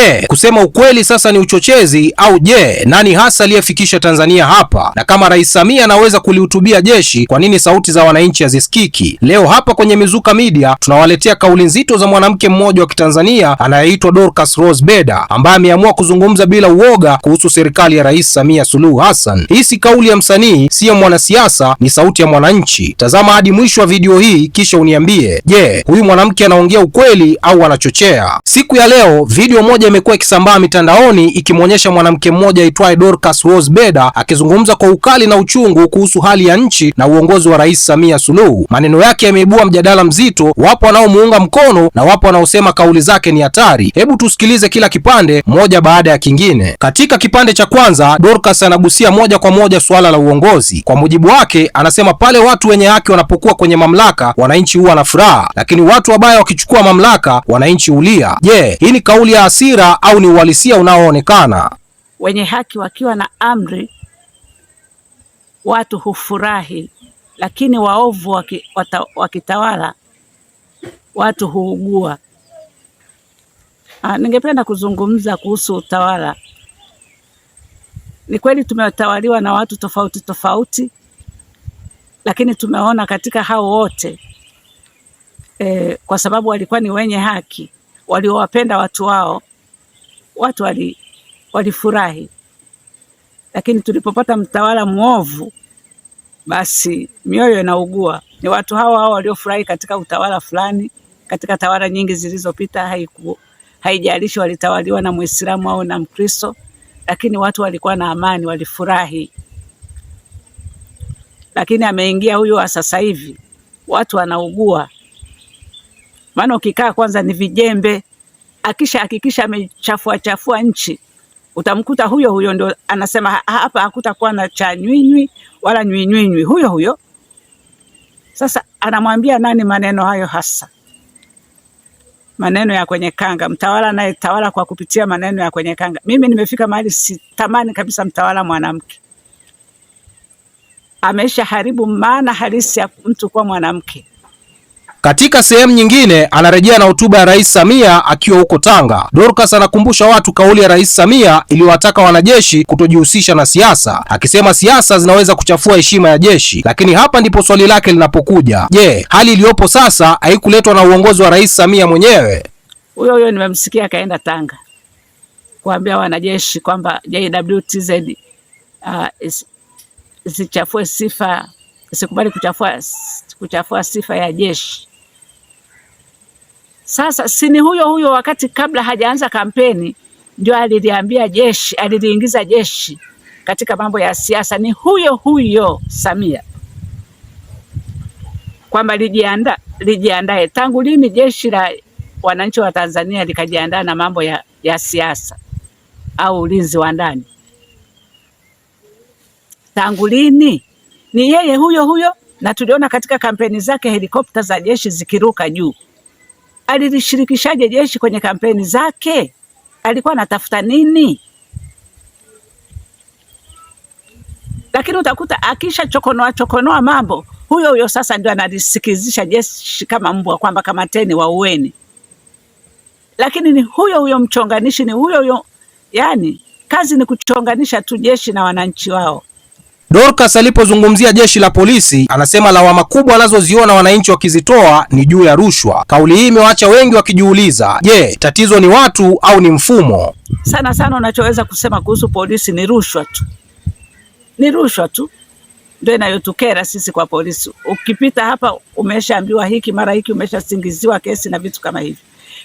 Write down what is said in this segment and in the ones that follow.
Je, kusema ukweli sasa ni uchochezi au je, nani hasa aliyefikisha Tanzania hapa? Na kama Rais Samia anaweza kulihutubia jeshi, kwa nini sauti za wananchi hazisikiki? Leo hapa kwenye Mizuka Media tunawaletea kauli nzito za mwanamke mmoja wa Kitanzania anayeitwa Dorcas Rose Beda ambaye ameamua kuzungumza bila uoga kuhusu serikali ya Rais Samia Suluhu Hassan. Hii si kauli ya msanii, si ya mwanasiasa, ni sauti ya mwananchi. Tazama hadi mwisho wa video hii kisha uniambie, je, huyu mwanamke anaongea ukweli au anachochea? Siku ya leo video moja moja imekuwa ikisambaa mitandaoni ikimwonyesha mwanamke mmoja aitwaye Dorcas Rose Beda akizungumza kwa ukali na uchungu kuhusu hali ya nchi na uongozi wa Rais Samia Suluhu. Maneno yake yameibua mjadala mzito, wapo wanaomuunga mkono na wapo wanaosema kauli zake ni hatari. Hebu tusikilize kila kipande moja baada ya kingine. Katika kipande cha kwanza, Dorcas anagusia moja kwa moja suala la uongozi. Kwa mujibu wake, anasema pale watu wenye haki wanapokuwa kwenye mamlaka, wananchi huwa na furaha, lakini watu wabaya wakichukua mamlaka, wananchi hulia. Je, yeah, hii ni kauli ya asili taswira au ni uhalisia unaoonekana. Wenye haki wakiwa na amri watu hufurahi, lakini waovu waki, wata, wakitawala watu huugua. Ah, ningependa kuzungumza kuhusu utawala. Ni kweli tumetawaliwa na watu tofauti tofauti, lakini tumeona katika hao wote e, kwa sababu walikuwa ni wenye haki waliowapenda watu wao watu walifurahi, lakini tulipopata mtawala mwovu, basi mioyo inaugua. Ni watu hawa hawa waliofurahi katika utawala fulani, katika tawala nyingi zilizopita, haiku haijalishi walitawaliwa na Muislamu au na Mkristo, lakini watu walikuwa na amani, walifurahi. Lakini ameingia huyu wa sasa hivi, watu wanaugua, maana ukikaa kwanza ni vijembe akisha hakikisha amechafua chafua nchi, utamkuta huyo huyo ndo anasema hapa hakutakuwa na cha nywinywi wala nywinywinywi, huyo huyo. Sasa anamwambia nani maneno hayo hasa? maneno ya kwenye kanga, mtawala naye tawala kwa kupitia maneno ya kwenye kanga. Mimi nimefika mahali sitamani kabisa mtawala mwanamke, ameisha haribu maana halisi ya mtu kuwa mwanamke. Katika sehemu nyingine, anarejea na hotuba ya Rais Samia akiwa huko Tanga. Dorcas anakumbusha watu kauli ya Rais Samia iliyowataka wanajeshi kutojihusisha na siasa, akisema siasa zinaweza kuchafua heshima ya jeshi. Lakini hapa ndipo swali lake linapokuja, je, yeah, hali iliyopo sasa haikuletwa na uongozi wa Rais Samia mwenyewe? Huyo huyo nimemsikia akaenda Tanga kuambia wanajeshi kwamba JWTZ uh, isichafue sifa, sikubali kuchafua, kuchafua sifa ya jeshi. Sasa sini huyo huyo, wakati kabla hajaanza kampeni, ndio aliliambia jeshi, aliliingiza jeshi katika mambo ya siasa. Ni huyo huyo Samia kwamba lijianda lijiandae. Tangu lini jeshi la wananchi wa Tanzania likajiandaa na mambo ya, ya siasa au ulinzi wa ndani? Tangu lini? Ni yeye huyo huyo, na tuliona katika kampeni zake helikopta za jeshi zikiruka juu alilishirikishaje jeshi kwenye kampeni zake? Alikuwa anatafuta nini? Lakini utakuta akisha chokonoa chokonoa mambo, huyo huyo sasa ndio analisikizisha jeshi kama mbwa, kwamba kamateni, waueni. Lakini ni huyo huyo mchonganishi, ni huyo huyo, yani kazi ni kuchonganisha tu jeshi na wananchi wao. Dorcas alipozungumzia jeshi la polisi, anasema lawama kubwa anazoziona wananchi wakizitoa ni juu ya rushwa. Kauli hii imewaacha wengi wakijiuliza, je, tatizo ni watu au ni mfumo? Sana sana unachoweza kusema kuhusu polisi ni rushwa tu, ni rushwa tu ndio inayotukera sisi kwa polisi. Ukipita hapa umeshaambiwa hiki mara hiki, umeshasingiziwa kesi na vitu kama hivi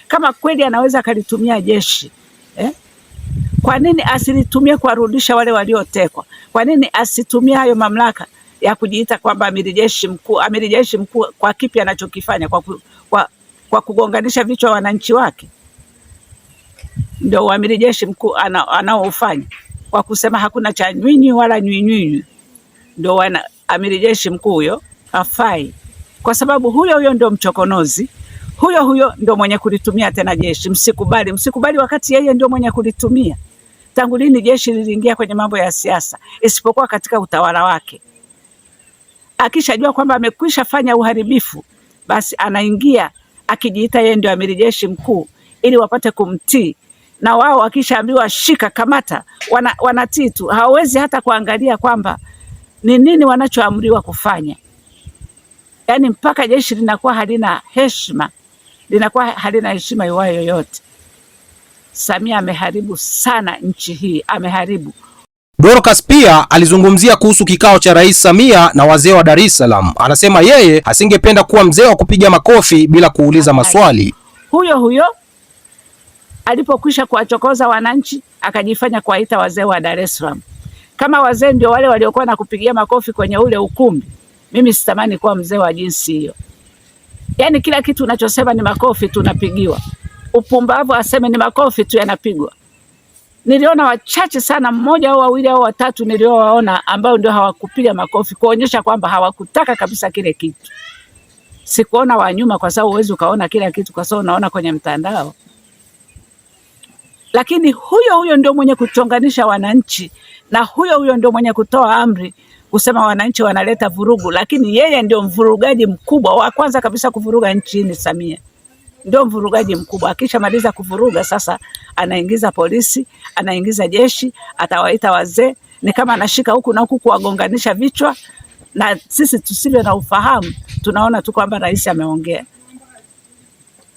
Kama kweli anaweza akalitumia jeshi eh? Kwa nini asilitumie kuwarudisha wale waliotekwa? Kwa nini asitumie hayo mamlaka ya kujiita kwamba amiri jeshi mkuu? Amiri jeshi mkuu kwa kipi anachokifanya? Kwa, ku, kwa, kwa kugonganisha vichwa wananchi wake ndio uamiri jeshi mkuu ana kwa kusema hakuna cha nywinywi wala nywinywinywi. Ndio wana amiri jeshi mkuu huyo afai, kwa sababu huyo huyo ndio mchokonozi, huyo huyo ndio mwenye kulitumia tena jeshi. Msikubali, msikubali wakati yeye ndio mwenye kulitumia tangu lini jeshi liliingia kwenye mambo ya siasa isipokuwa katika utawala wake? Akishajua kwamba amekwisha fanya uharibifu, basi anaingia akijiita yeye ndio amiri jeshi mkuu ili wapate kumtii, na wao wakishaambiwa shika, kamata, wana, wanatii tu, hawawezi hata kuangalia kwamba ni nini wanachoamriwa kufanya. Yaani mpaka jeshi linakuwa halina heshima, linakuwa halina heshima iwayo yoyote. Samia ameharibu sana nchi hii, ameharibu. Dorcas pia alizungumzia kuhusu kikao cha Rais Samia na wazee wa Dar es Salaam. Anasema yeye asingependa kuwa mzee wa kupiga makofi bila kuuliza maswali. Huyo huyo alipokwisha kuwachokoza wananchi akajifanya kuwaita wazee wa Dar es Salaam. Kama wazee ndio wale waliokuwa na kupigia makofi kwenye ule ukumbi, mimi sitamani kuwa mzee wa jinsi hiyo. Yaani kila kitu unachosema ni makofi tunapigiwa upumbavu aseme ni makofi tu yanapigwa. Niliona wachache sana, mmoja au wawili au watatu niliowaona, ambao ndio hawakupiga makofi kuonyesha kwamba hawakutaka kabisa kile kitu. Sikuona wa nyuma, kwa sababu huwezi ukaona kila kitu, kwa sababu unaona kwenye mtandao. Lakini huyo huyo ndio mwenye kutonganisha wananchi na huyo huyo ndio mwenye kutoa amri kusema wananchi wanaleta vurugu, lakini yeye ndio mvurugaji mkubwa wa kwanza kabisa kuvuruga nchi ni Samia ndio mvurugaji mkubwa. Akishamaliza kuvuruga sasa, anaingiza polisi, anaingiza jeshi, atawaita wazee, ni kama anashika huku na huku kuwagonganisha vichwa, na sisi tusivyo na ufahamu tunaona tu kwamba rais ameongea.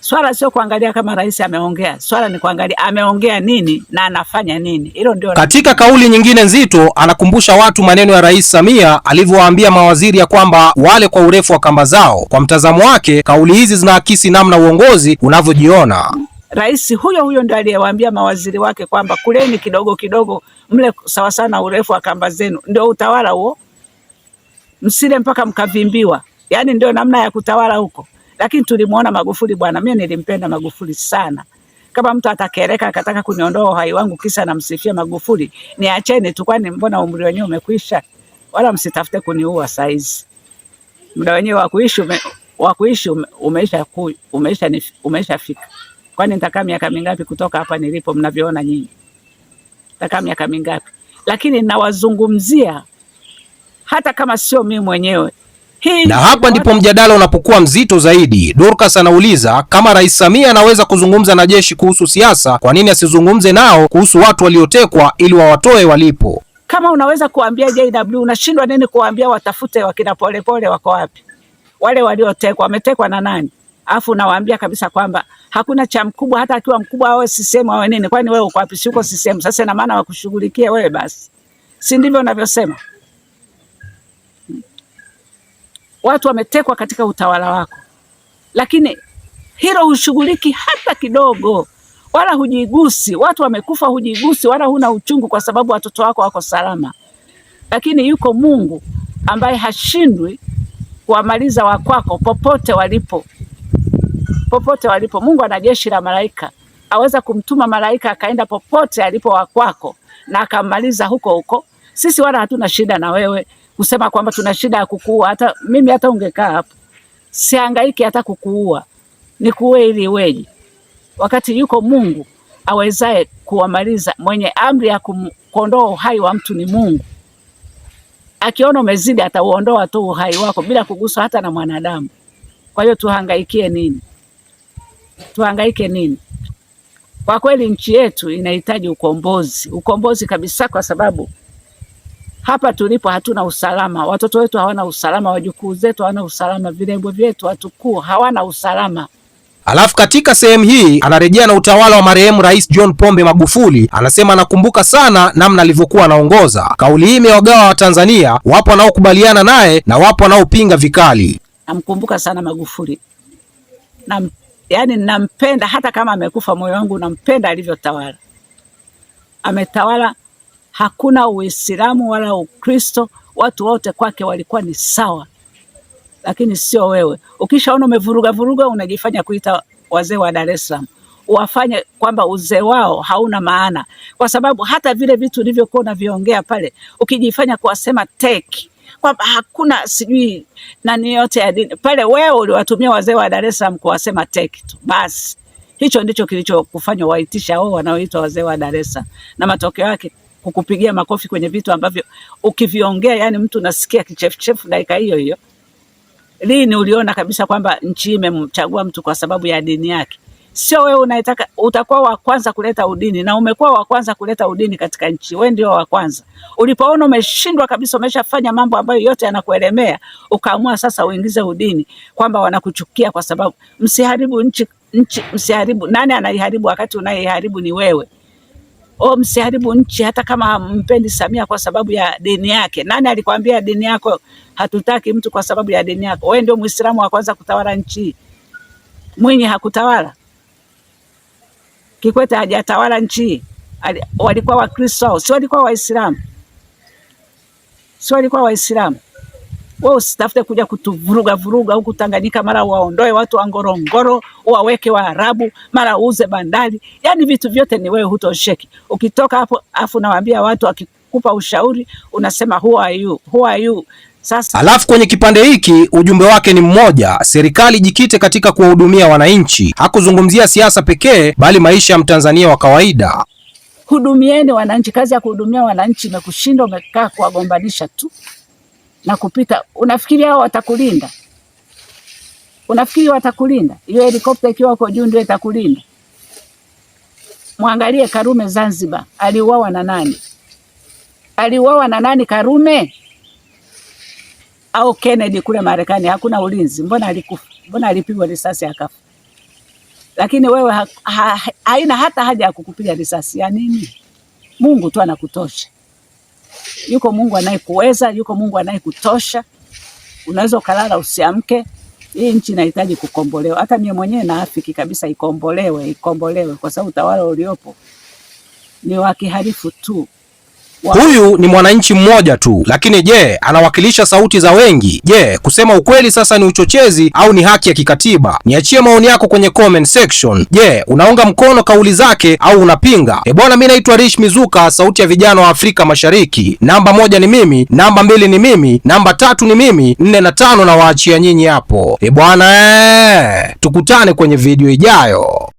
Swala sio kuangalia kama rais ameongea, swala ni kuangalia ameongea nini na anafanya nini. Hilo ndio. Katika kauli nyingine nzito, anakumbusha watu maneno ya Rais Samia alivyowaambia mawaziri ya kwamba wale kwa urefu wa kamba zao. Kwa mtazamo wake, kauli hizi zinaakisi namna uongozi unavyojiona. Rais huyo huyo ndio aliyewaambia mawaziri wake kwamba kuleni kidogo kidogo, mle sawasawa na urefu wa kamba zenu. Ndio utawala huo, msile mpaka mkavimbiwa. Yaani ndio namna ya kutawala huko lakini tulimwona Magufuli bwana, mimi nilimpenda Magufuli sana. Kama mtu atakereka akataka kuniondoa uhai wangu kisa namsifia Magufuli, niacheni tu, kwani mbona umri wenyewe umekwisha, wala msitafute kuniua saizi, muda wenyewe wa kuishi ume, wa kuishi umeisha umeisha umeshafika. Kwani nitakaa miaka mingapi kutoka hapa nilipo? Mnavyoona nyinyi nitakaa miaka mingapi? Lakini nawazungumzia hata kama sio mimi mwenyewe na hapa ndipo mjadala unapokuwa mzito zaidi. Dorcas anauliza kama Rais Samia anaweza kuzungumza na jeshi kuhusu siasa, kwa nini asizungumze nao kuhusu watu waliotekwa ili wawatoe walipo? Kama unaweza kuambia JW, unashindwa nini kuambia watafute wakina Polepole wako wapi? Wale waliotekwa wametekwa na nani? Afu nawaambia kabisa kwamba hakuna cha mkubwa, hata akiwa mkubwa awe sisemu awe nini. Kwani wewe uko wapi? Si uko sisemu? Sasa ina maana wakushughulikie wewe basi, si ndivyo unavyosema? watu wametekwa katika utawala wako, lakini hilo hushughuliki hata kidogo, wala hujigusi. Watu wamekufa, hujigusi wala huna uchungu, kwa sababu watoto wako wako salama. Lakini yuko Mungu ambaye hashindwi kuwamaliza wakwako popote walipo, popote walipo. Mungu ana jeshi la malaika, aweza kumtuma malaika akaenda popote alipo wakwako na akammaliza huko huko. Sisi wala hatuna shida na wewe kusema kwamba tuna shida ya kukuua. Hata mimi hata ungekaa hapo sihangaiki hata kukuua, nikuue ili weje, wakati yuko Mungu awezaye kuwamaliza. Mwenye amri ya kuondoa uhai wa mtu ni Mungu. Akiona umezidi, atauondoa tu uhai wako bila kuguswa hata na mwanadamu. Kwa hiyo tuhangaikie nini? Tuhangaike nini? Kwa kweli, nchi yetu inahitaji ukombozi, ukombozi kabisa, kwa sababu hapa tulipo hatuna usalama, watoto wetu hawana usalama, wajukuu zetu hawana usalama, vilembwe vyetu watukuu hawana usalama. Alafu katika sehemu hii anarejea na utawala wa marehemu Rais John Pombe Magufuli. Anasema anakumbuka sana namna alivyokuwa anaongoza. Kauli hii imewagawa Watanzania, wapo wanaokubaliana naye na wapo wanaopinga vikali. Namkumbuka sana Magufuli na, yani nampenda, hata kama amekufa moyo wangu nampenda alivyotawala, ametawala hakuna Uislamu wala Ukristo, watu wote kwake walikuwa ni sawa, lakini sio wewe. Ukishaona umevuruga vuruga, unajifanya kuita wazee wa Dar es Salaam, wafanye kwamba uzee wao hauna maana, kwa sababu hata vile vitu ulivyokuwa unaviongea pale, ukijifanya kuwasema teki kwamba hakuna sijui nani yote ya dini pale, wewe uliwatumia wazee wa Dar es Salaam kuwasema teki tu basi. Hicho ndicho kilichokufanya waitisha wao wanaoitwa wazee wa Dar es Salaam, na matokeo yake kukupigia makofi kwenye vitu ambavyo ukiviongea, yani mtu nasikia kichefuchefu dakika hiyo hiyo. Lini uliona kabisa kwamba nchi imemchagua mtu kwa sababu ya dini yake? Sio wewe unaitaka, utakuwa wa kwanza kuleta udini, na umekuwa wa kwanza kuleta udini katika nchi. Wewe ndio wa kwanza. Ulipoona umeshindwa kabisa, umeshafanya mambo ambayo yote yanakuelemea, ukaamua sasa uingize udini, kwamba wanakuchukia kwa sababu. Msiharibu nchi, nchi msiharibu. Nani anaiharibu wakati unayeiharibu ni wewe? o oh, msiharibu nchi hata kama mpendi Samia kwa sababu ya dini yake. Nani alikwambia dini yako? Hatutaki mtu kwa sababu ya dini yako. Wewe ndio Muislamu wa kwanza kutawala nchi. Mwinyi hakutawala, Kikwete hajatawala nchi. Walikuwa Wakristo, si walikuwa Waislamu? Si walikuwa Waislamu? wao usitafute kuja kutuvuruga vuruga huku Tanganyika, mara waondoe watu wa Ngorongoro waweke Waarabu, mara uuze bandari. Yani vitu vyote ni wewe, hutosheki ukitoka hapo. Afu nawaambia watu wakikupa ushauri unasema who are you? Who are you? Sasa alafu kwenye kipande hiki ujumbe wake ni mmoja: serikali jikite katika kuwahudumia wananchi. Hakuzungumzia siasa pekee, bali maisha ya mtanzania wa kawaida. Hudumieni wananchi. Kazi ya kuhudumia wananchi imekushinda, umekaa kuwagombanisha tu na kupita, unafikiri hao watakulinda? Unafikiri watakulinda? Hiyo helikopta ikiwa huko juu ndio itakulinda? Mwangalie Karume Zanzibar, aliuawa na nani? Aliuawa na nani Karume? Au Kennedy kule Marekani hakuna ulinzi? Mbona alikufa? Mbona alipigwa risasi akafa? Lakini wewe ha, ha, haina hata haja ya kukupiga risasi ya nini? Mungu tu anakutosha. Yuko Mungu anayekuweza, yuko Mungu anayekutosha. Unaweza ukalala usiamke. Hii nchi inahitaji kukombolewa. Hata mimi mwenyewe naafiki kabisa, ikombolewe, ikombolewe, kwa sababu utawala uliopo ni wa kiharifu tu. Huyu ni mwananchi mmoja tu, lakini je, anawakilisha sauti za wengi? Je, kusema ukweli sasa ni uchochezi au ni haki ya kikatiba? Niachie maoni yako kwenye comment section. Je, unaunga mkono kauli zake au unapinga? Ebwana, mi naitwa Rich Mizuka, sauti ya vijana wa Afrika Mashariki. Namba moja ni mimi, namba mbili ni mimi, namba tatu ni mimi, nne na tano na waachia nyinyi hapo. Ebwana, ee, eh, tukutane kwenye video ijayo.